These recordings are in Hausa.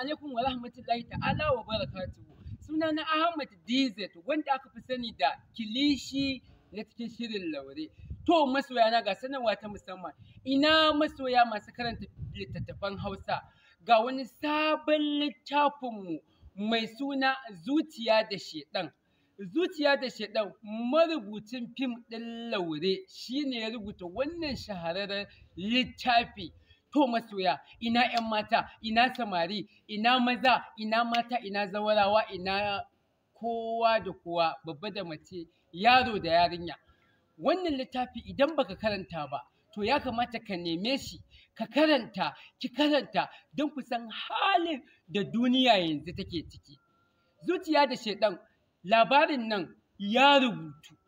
alaikum wa rahmatullahi ta'ala wa barakatuhu. Suna na Ahmad Dizet wanda aka fi sani da kilishi na cikin shirin laure. To masoya na ga sanarwa ta musamman. Ina masoya masu karanta littattafan Hausa ga wani sabon littafinmu mai suna Zuciya da Shedan. Zuciya da Shedan marubucin fim ɗin laure shine ya rubuta wannan shahararren littafi. to masoya ina yan mata ina samari ina maza ina mata ina zawarawa ina kowa da kowa babba da mace yaro da yarinya wannan littafi idan baka karanta ba to ya kamata ka neme shi ka karanta ki karanta don ku san halin da duniya yanzu take ciki zuciya da shaidan labarin nan ya rubutu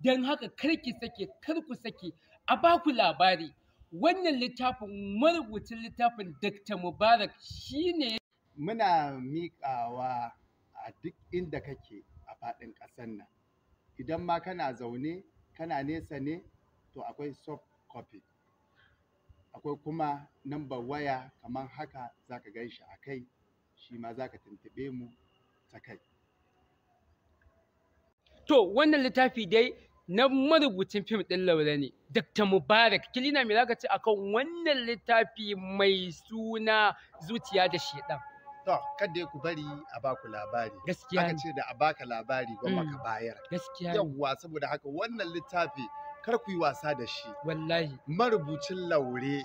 don haka kar ki sake kar ku sake a baku labari wannan littafin marubucin littafin Dr. Mubarak shi ne muna miƙawa a duk inda kake a faɗin ƙasar nan idan ma kana zaune kana nesa ne to akwai soft copy akwai kuma nambar waya kamar haka za ka gan shi a kai shi ma za ka tuntuɓe mu ta kai to wannan littafi dai na marubucin fim ɗin laure ne Dr. Mubarak kilina me zaka ce akan wannan littafi mai suna zuciya da shedan to kada ku bari a ba ku labari gaskiya ce da a baka labari gwamma maka mm. bayar gaskiya yawwa saboda haka wannan littafi kar ku yi wasa da shi wallahi marubucin laure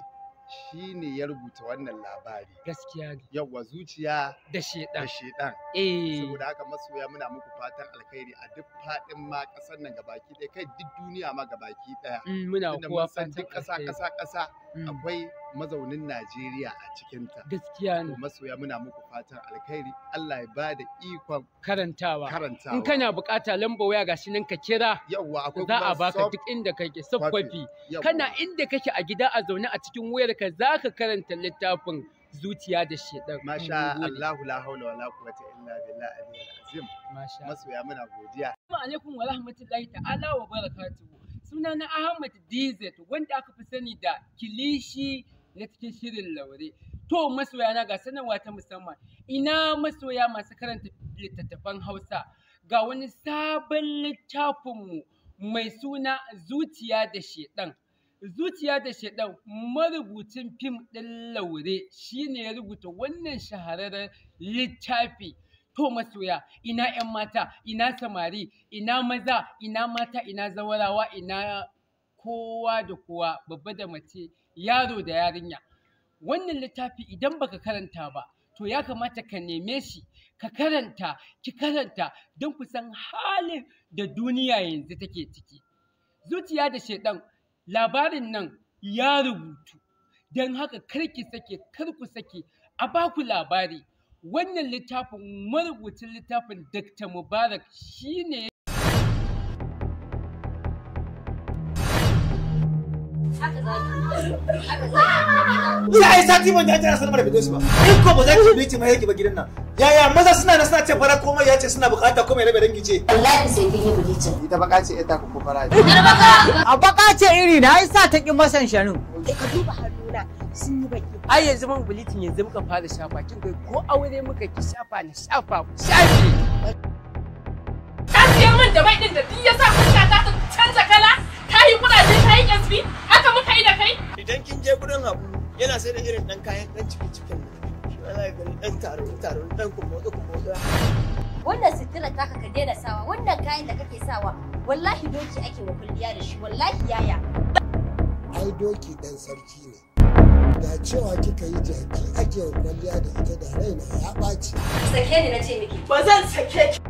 shi ne ya rubuta wannan labari gaskiya ne yawa zuciya da shedan da shedan eh saboda haka masoya muna muku fatan alkhairi a duk fadin ma kasar nan gabaki ɗaya kai duk duniya ma gabaki ɗaya mm, muna kowa fatan kasa kasa kasa mm. akwai mazaunin Najeriya a cikinta. Gaskiya ne. Masoya muna muku fatan alkhairi Allah ya bada ikon karantawa. Karantawa. In kana bukata lamba waya gashi nan ka kira. Yawwa akwai kuma za a baka duk inda kake soft copy. Kana inda kake a gida a zaune a cikin ka, za ka karanta littafin zuciya da shedan. Masha Allahu la haula wala quwwata illa billahi azim. Masha. Masoya muna godiya. Assalamu alaikum wa rahmatullahi ta'ala wa barakatuhu. Sunana Ahmad Dizet wanda aka fi sani da Kilishi na cikin shirin laure. To masoya na ga sanarwa ta musamman ina masoya masu karanta littattafan Hausa ga wani sabon littafinmu mai suna Zuciya da Shedan. Zuciya da Shedan marubucin fim ɗin laure shi ne ya rubuta wannan shahararren littafi. to masoya ina 'yan mata ina samari ina maza ina mata ina zawarawa ina kowa da kowa babba da mace yaro da yarinya wannan littafi idan baka karanta ba to ya kamata ka neme shi ka karanta ki karanta don ku san halin da duniya yanzu take ciki zuciya da shaidan labarin nan ya rubutu don haka karki sake karku sake a baku labari wannan littafin marubucin littafin dr mubarak shine Ya yi sati ban yace na sanar da Fidosi ba. In ko ba za ki bici mai yake ba gidan nan. Yaya maza suna na suna ce fara komai ya ce suna bukata komai rabe dangi ce. Wallahi sai kin yi bilicin. Ita baka ce ita ko fara. A baka ce iri na yi sa ta ki masan sharin. Eh, ka duba hannuna sun yi baki. Ai yanzu mun bilicin yanzu muka fara shafa kin ga ko aure muka ki shafa na shafa ku shafe. Ka siyo min da mai din da duk ya sa fuska ta canza kala ta yi kudaje ta yi ƙyasbi. idan kin je gurin habu yana sai da irin dan kayan dan ciki cikin shi ma zai gani dan taro taro dan kumoto kumoto wannan sitira taka ka daina sawa wannan kayan da kake sawa wallahi doki ake wa kulliya da shi wallahi yaya ai doki dan sarki ne da cewa kika yi jaki ake wa kulliya da ita da raina ya ɓaci. Sake ni na ce miki. Ba zan sake ki.